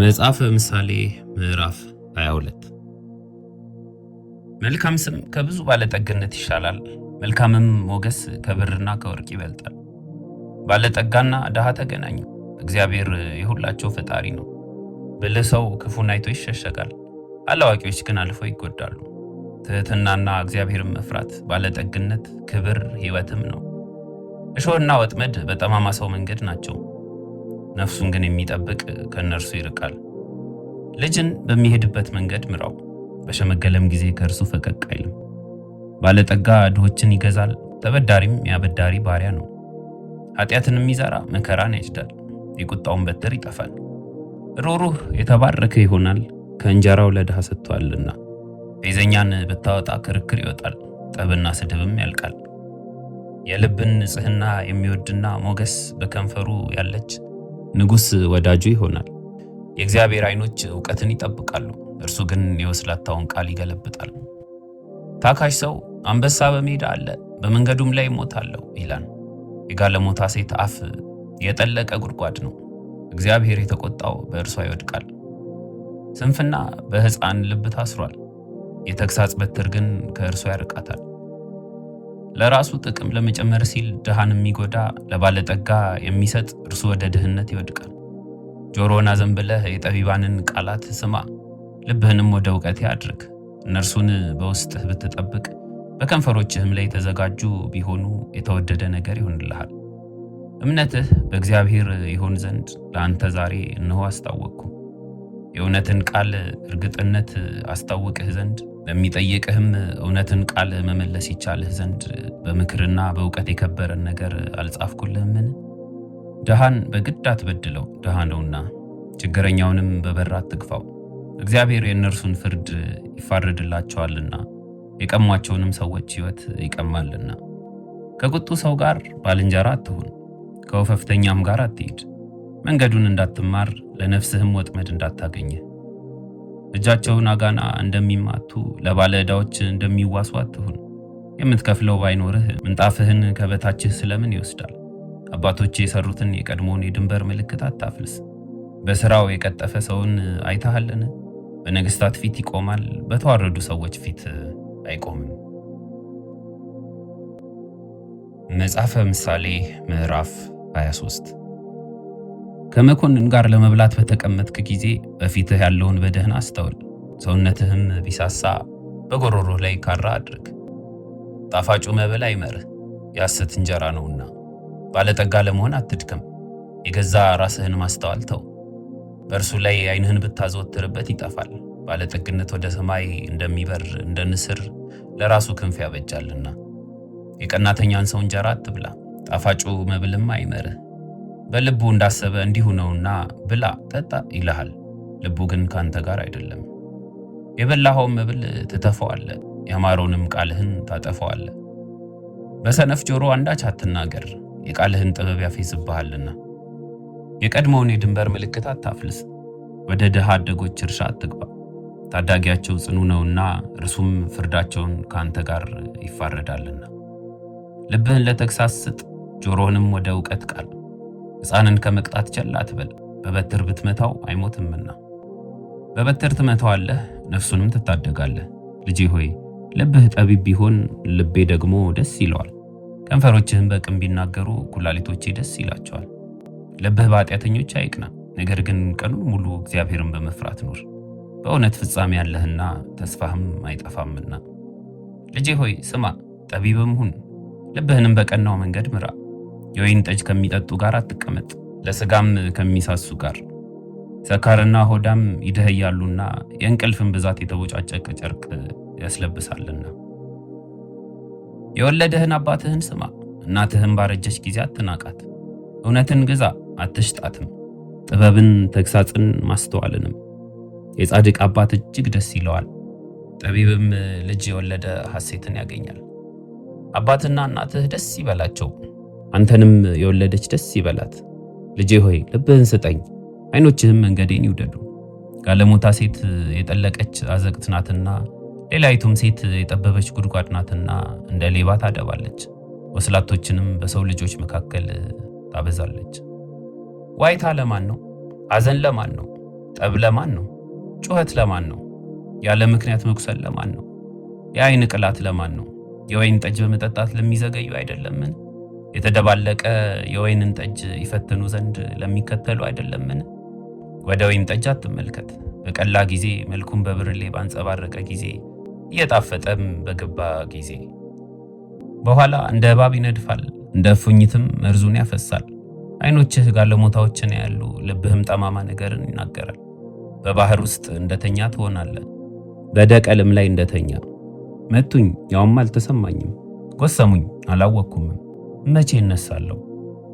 መጽሐፈ ምሳሌ ምዕራፍ 22 መልካም ስም ከብዙ ባለጠግነት ይሻላል፣ መልካምም ሞገስ ከብርና ከወርቅ ይበልጣል። ባለጠጋና ድሃ ተገናኙ፣ እግዚአብሔር የሁላቸው ፈጣሪ ነው። ብልህ ሰው ክፉን አይቶ ይሸሸጋል፣ አላዋቂዎች ግን አልፈው ይጎዳሉ። ትህትናና እግዚአብሔርን መፍራት ባለጠግነት፣ ክብር፣ ሕይወትም ነው። እሾህና ወጥመድ በጠማማ ሰው መንገድ ናቸው። ነፍሱን ግን የሚጠብቅ ከእነርሱ ይርቃል። ልጅን በሚሄድበት መንገድ ምራው፣ በሸመገለም ጊዜ ከእርሱ ፈቀቅ አይልም። ባለጠጋ ድሆችን ይገዛል፣ ተበዳሪም ያበዳሪ ባሪያ ነው። ኃጢአትን የሚዘራ መከራን ያጭዳል፣ የቁጣውን በትር ይጠፋል። ሮሩህ የተባረከ ይሆናል፣ ከእንጀራው ለድሃ ሰጥቷልና። ፌዘኛን ብታወጣ ክርክር ይወጣል፣ ጠብና ስድብም ያልቃል። የልብን ንጽህና የሚወድና ሞገስ በከንፈሩ ያለች ንጉሥ ወዳጁ ይሆናል። የእግዚአብሔር ዓይኖች እውቀትን ይጠብቃሉ፣ እርሱ ግን የወስላታውን ቃል ይገለብጣል። ታካሽ ሰው አንበሳ በሜዳ አለ፣ በመንገዱም ላይ ሞታለሁ ይላል። የጋለሞታ ሴት አፍ የጠለቀ ጉድጓድ ነው፣ እግዚአብሔር የተቆጣው በእርሷ ይወድቃል። ስንፍና በሕፃን ልብ ታስሯል፣ የተግሳጽ በትር ግን ከእርሷ ያርቃታል። ለራሱ ጥቅም ለመጨመር ሲል ድሃን የሚጎዳ ለባለጠጋ የሚሰጥ እርሱ ወደ ድህነት ይወድቃል። ጆሮን አዘንብለህ የጠቢባንን ቃላት ስማ፣ ልብህንም ወደ እውቀት አድርግ። እነርሱን በውስጥህ ብትጠብቅ በከንፈሮችህም ላይ የተዘጋጁ ቢሆኑ የተወደደ ነገር ይሆንልሃል። እምነትህ በእግዚአብሔር ይሆን ዘንድ ለአንተ ዛሬ እነሆ አስታወቅኩ። የእውነትን ቃል እርግጥነት አስታውቅህ ዘንድ በሚጠይቅህም እውነትን ቃል መመለስ ይቻልህ ዘንድ በምክርና በእውቀት የከበረን ነገር አልጻፍኩልህምን? ድሃን በግድ አትበድለው፣ ድሃ ነውና፣ ችግረኛውንም በበር አትግፋው። እግዚአብሔር የእነርሱን ፍርድ ይፋረድላቸዋልና የቀሟቸውንም ሰዎች ሕይወት ይቀማልና። ከቁጡ ሰው ጋር ባልንጀራ አትሁን፣ ከወፈፍተኛም ጋር አትሂድ፣ መንገዱን እንዳትማር ለነፍስህም ወጥመድ እንዳታገኘ እጃቸውን አጋና እንደሚማቱ ለባለ ዕዳዎች እንደሚዋሱ አትሁን። የምትከፍለው ባይኖርህ ምንጣፍህን ከበታችህ ስለምን ይወስዳል? አባቶች የሰሩትን የቀድሞውን የድንበር ምልክት አታፍልስ። በሥራው የቀጠፈ ሰውን አይታሃልን? በነገሥታት ፊት ይቆማል፣ በተዋረዱ ሰዎች ፊት አይቆምም። መጽሐፈ ምሳሌ ምዕራፍ 23 ከመኮንን ጋር ለመብላት በተቀመጥክ ጊዜ በፊትህ ያለውን በደህን አስተውል። ሰውነትህም ቢሳሳ በጎሮሮ ላይ ካራ አድርግ። ጣፋጩ መብል አይመርህ፣ የሐሰት እንጀራ ነውና። ባለጠጋ ለመሆን አትድከም። የገዛ ራስህን ማስተዋል ተው። በእርሱ ላይ ዓይንህን ብታዘወትርበት ይጠፋል። ባለጠግነት ወደ ሰማይ እንደሚበር እንደ ንስር ለራሱ ክንፍ ያበጃልና። የቀናተኛን ሰው እንጀራ አትብላ፣ ጣፋጩ መብልም አይመርህ። በልቡ እንዳሰበ እንዲሁ ነውና ብላ ጠጣ ይልሃል። ልቡ ግን ካንተ ጋር አይደለም። የበላኸው መብል ትተፈዋለ፣ ያማረውንም ቃልህን ታጠፈዋለ። በሰነፍ ጆሮ አንዳች አትናገር፣ የቃልህን ጥበብ ያፌዝብሃልና። የቀድሞውን የድንበር ምልክት አታፍልስ፣ ወደ ድሃ አደጎች እርሻ አትግባ። ታዳጊያቸው ጽኑ ነውና እርሱም ፍርዳቸውን ከአንተ ጋር ይፋረዳልና። ልብህን ለተግሳስ ስጥ፣ ጆሮህንም ወደ እውቀት ቃል ሕፃንን ከመቅጣት ቸል አትበል፣ በበትር ብትመታው አይሞትምና። በበትር ትመታዋለህ፣ ነፍሱንም ትታደጋለህ። ልጄ ሆይ ልብህ ጠቢብ ቢሆን ልቤ ደግሞ ደስ ይለዋል። ከንፈሮችህም በቅን ቢናገሩ ኩላሊቶቼ ደስ ይላቸዋል። ልብህ በኃጢአተኞች አይቅና፣ ነገር ግን ቀኑን ሙሉ እግዚአብሔርን በመፍራት ኑር። በእውነት ፍጻሜ ያለህና ተስፋህም አይጠፋምና። ልጄ ሆይ ስማ፣ ጠቢብም ሁን፣ ልብህንም በቀናው መንገድ ምራ። የወይን ጠጅ ከሚጠጡ ጋር አትቀመጥ፣ ለስጋም ከሚሳሱ ጋር። ሰካርና ሆዳም ይደህያሉና የእንቅልፍን ብዛት የተቦጫጨቀ ጨርቅ ያስለብሳልና። የወለደህን አባትህን ስማ፣ እናትህን ባረጀች ጊዜ አትናቃት። እውነትን ግዛ አትሽጣትም፣ ጥበብን ተግሳጽን ማስተዋልንም። የጻድቅ አባት እጅግ ደስ ይለዋል፣ ጠቢብም ልጅ የወለደ ሐሴትን ያገኛል። አባትና እናትህ ደስ ይበላቸው አንተንም የወለደች ደስ ይበላት። ልጄ ሆይ ልብህን ስጠኝ፣ አይኖችህም መንገዴን ይውደዱ። ጋለሞታ ሴት የጠለቀች አዘቅት ናትና፣ ሌላይቱም ሴት የጠበበች ጉድጓድ ናትና እንደ ሌባ ታደባለች፣ ወስላቶችንም በሰው ልጆች መካከል ታበዛለች። ዋይታ ለማን ነው? አዘን ለማን ነው? ጠብ ለማን ነው? ጩኸት ለማን ነው? ያለ ምክንያት መቁሰል ለማን ነው? የአይን ቅላት ለማን ነው? የወይን ጠጅ በመጠጣት ለሚዘገዩ አይደለምን? የተደባለቀ የወይንን ጠጅ ይፈትኑ ዘንድ ለሚከተሉ አይደለምን? ወደ ወይን ጠጅ አትመልከት። በቀላ ጊዜ መልኩን በብርሌ ባንጸባረቀ ጊዜ እየጣፈጠም በገባ ጊዜ በኋላ እንደ እባብ ይነድፋል፣ እንደ እፉኝትም መርዙን ያፈሳል። አይኖችህ ጋለሞታዎችን ያሉ፣ ልብህም ጠማማ ነገርን ይናገራል። በባህር ውስጥ እንደተኛ ትሆናለህ፣ በደቀልም ላይ እንደተኛ መቱኝ፣ ያውም አልተሰማኝም፣ ጎሰሙኝ፣ አላወቅኩምም መቼ እነሳለሁ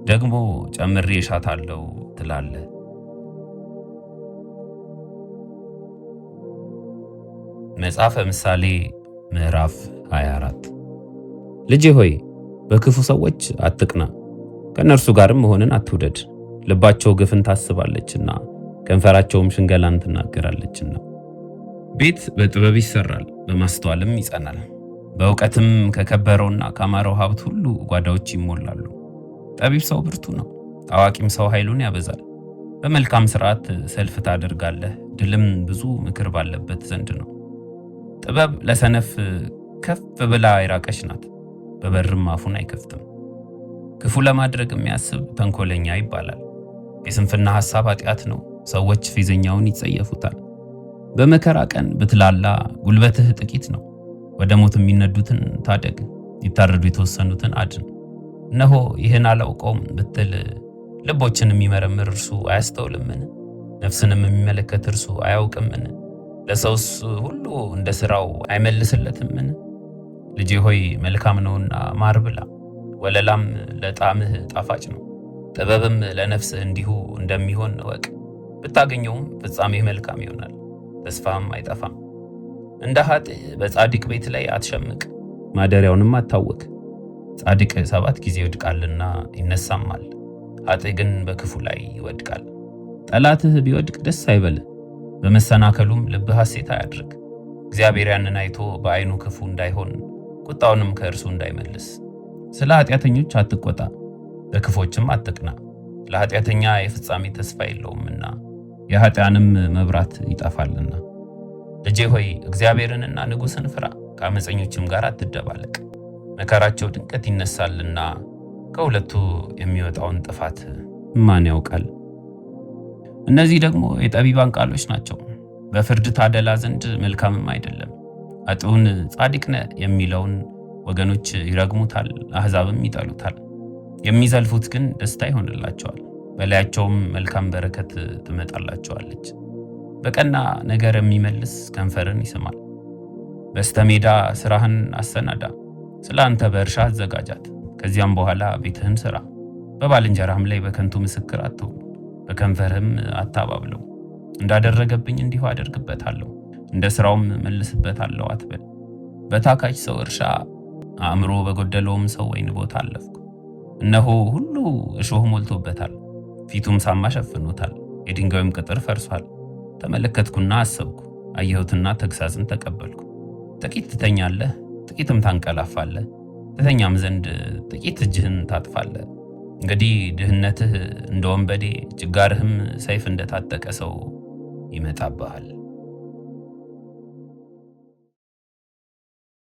ደግሞ ጨምሬ እሻታለሁ ትላለ መጽሐፈ ምሳሌ ምዕራፍ 24 ልጄ ሆይ በክፉ ሰዎች አትቅና፣ ከእነርሱ ጋርም መሆንን አትውደድ። ልባቸው ግፍን ታስባለችና ከንፈራቸውም ሽንገላን ትናገራለችና። ቤት በጥበብ ይሰራል፣ በማስተዋልም ይጸናል። በእውቀትም ከከበረውና ካማረው ሀብት ሁሉ ጓዳዎች ይሞላሉ። ጠቢብ ሰው ብርቱ ነው፣ ታዋቂም ሰው ኃይሉን ያበዛል። በመልካም ስርዓት ሰልፍ ታደርጋለህ፣ ድልም ብዙ ምክር ባለበት ዘንድ ነው። ጥበብ ለሰነፍ ከፍ ብላ የራቀች ናት፣ በበርም አፉን አይከፍትም። ክፉ ለማድረግ የሚያስብ ተንኮለኛ ይባላል። የስንፍና ሐሳብ ኃጢአት ነው፣ ሰዎች ፌዘኛውን ይጸየፉታል። በመከራ ቀን ብትላላ ጉልበትህ ጥቂት ነው። ወደ ሞት የሚነዱትን ታደግ፣ ይታረዱ የተወሰኑትን አድን። እነሆ ይህን አላውቀውም ብትል ልቦችን የሚመረምር እርሱ አያስተውልምን? ነፍስንም የሚመለከት እርሱ አያውቅምን? ለሰውስ ሁሉ እንደ ሥራው አይመልስለትምን? ልጄ ሆይ መልካም ነውና ማር ብላ፣ ወለላም ለጣምህ ጣፋጭ ነው። ጥበብም ለነፍስህ እንዲሁ እንደሚሆን እወቅ። ብታገኘውም ፍጻሜህ መልካም ይሆናል፣ ተስፋም አይጠፋም። እንደ ኃጥእ በጻድቅ ቤት ላይ አትሸምቅ፣ ማደሪያውንም አታወክ። ጻድቅ ሰባት ጊዜ ይወድቃልና ይነሳማል፣ ኃጥእ ግን በክፉ ላይ ይወድቃል። ጠላትህ ቢወድቅ ደስ አይበልህ፣ በመሰናከሉም ልብህ ሐሴት አያድርግ። እግዚአብሔር ያንን አይቶ በዓይኑ ክፉ እንዳይሆን ቁጣውንም ከእርሱ እንዳይመልስ። ስለ ኃጢአተኞች አትቆጣ፣ በክፎችም አትቅና፣ ለኃጢአተኛ የፍጻሜ ተስፋ የለውምና የኃጢአንም መብራት ይጠፋልና። ልጄ ሆይ እግዚአብሔርንና ንጉሥን ፍራ፣ ከአመፀኞችም ጋር አትደባለቅ፣ መከራቸው ድንቀት ይነሳልና ከሁለቱ የሚወጣውን ጥፋት ማን ያውቃል? እነዚህ ደግሞ የጠቢባን ቃሎች ናቸው። በፍርድ ታደላ ዘንድ መልካምም አይደለም። አጥውን ጻድቅ ነህ የሚለውን ወገኖች ይረግሙታል፣ አሕዛብም ይጠሉታል። የሚዘልፉት ግን ደስታ ይሆንላቸዋል፣ በላያቸውም መልካም በረከት ትመጣላቸዋለች። በቀና ነገር የሚመልስ ከንፈርን ይስማል። በስተሜዳ ስራህን አሰናዳ፣ ስለ አንተ በእርሻ አዘጋጃት። ከዚያም በኋላ ቤትህን ስራ። በባልንጀራህም ላይ በከንቱ ምስክር አትሁን፣ በከንፈርህም አታባብለው። እንዳደረገብኝ እንዲሁ አደርግበታለሁ፣ እንደ ስራውም መልስበታለሁ አትበል። በታካች ሰው እርሻ፣ አእምሮ በጎደለውም ሰው ወይን ቦታ አለፍኩ። እነሆ ሁሉ እሾህ ሞልቶበታል፣ ፊቱም ሳማ ሸፍኖታል፣ የድንጋዩም ቅጥር ፈርሷል። ተመለከትኩና አሰብኩ፣ አየሁትና ተግሳጽን ተቀበልኩ። ጥቂት ትተኛለህ፣ ጥቂትም ታንቀላፋለህ፣ ትተኛም ዘንድ ጥቂት እጅህን ታጥፋለህ። እንግዲህ ድህነትህ እንደ ወንበዴ ችጋርህም ሰይፍ እንደታጠቀ ሰው ይመጣብሃል።